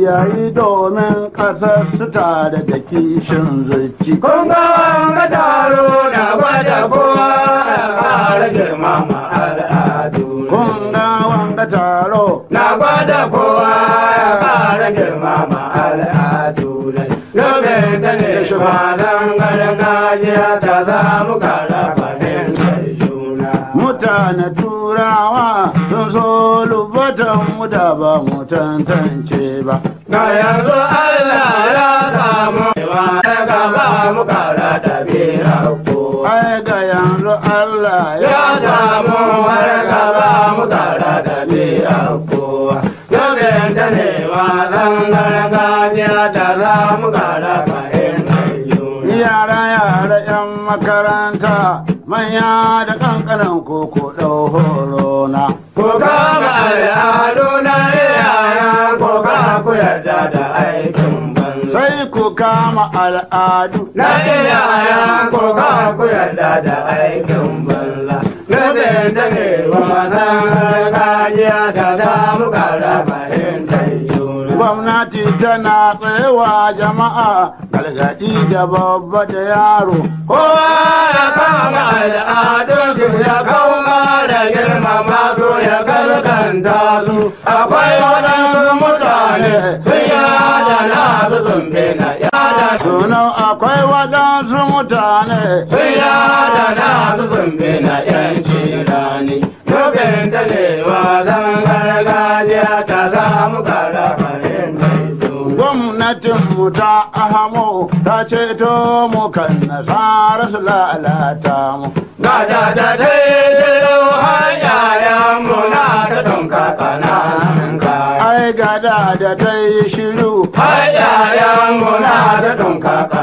ya yi domin kasar su tare da kishin zuci. Kun ga wanga daro na gwada kowa a ƙara girmama al'adu. Kun ga wanga taro na gwada kowa a girma ma al'adu. Game da ne shi malan gargajiya ta za mu kara faɗin juna. Mutane turawa sun solo zukatan mu da ba mu tantance ba. Ga yanzu Allah ya samu wa daga ba mu kara da ko. Ai ga yanzu Allah ya samu wa daga ba mu kara da birako. Yau da ne wasan gargajiya da za mu kara fahimta. yara yara yan makaranta manya da kankanan koko ɗau horo na. yarda da aikin banza. Sai ku kama al'adu. Na iya ya ko ka ku yarda da aikin banza. Na da da ne wa na kajiya da za mu kara fahimtar juna. Gwamnati tana tsayawa jama'a gargaɗi da babba da yaro. Kowa ya kama al'adunsu ya kawo da girma su ya garganta su akwai waɗansu. Sunan akwai su mutane. Suya da na zuzumbe na yanci rani. Rubin da ne wasan gargajiya ta samu karafarin Gwamnatin mu ta ahamo ta ceto mu kan nasara su lalata mu. Gada da dai da da ta yi shiru, haɗa ya muna da tunkaka.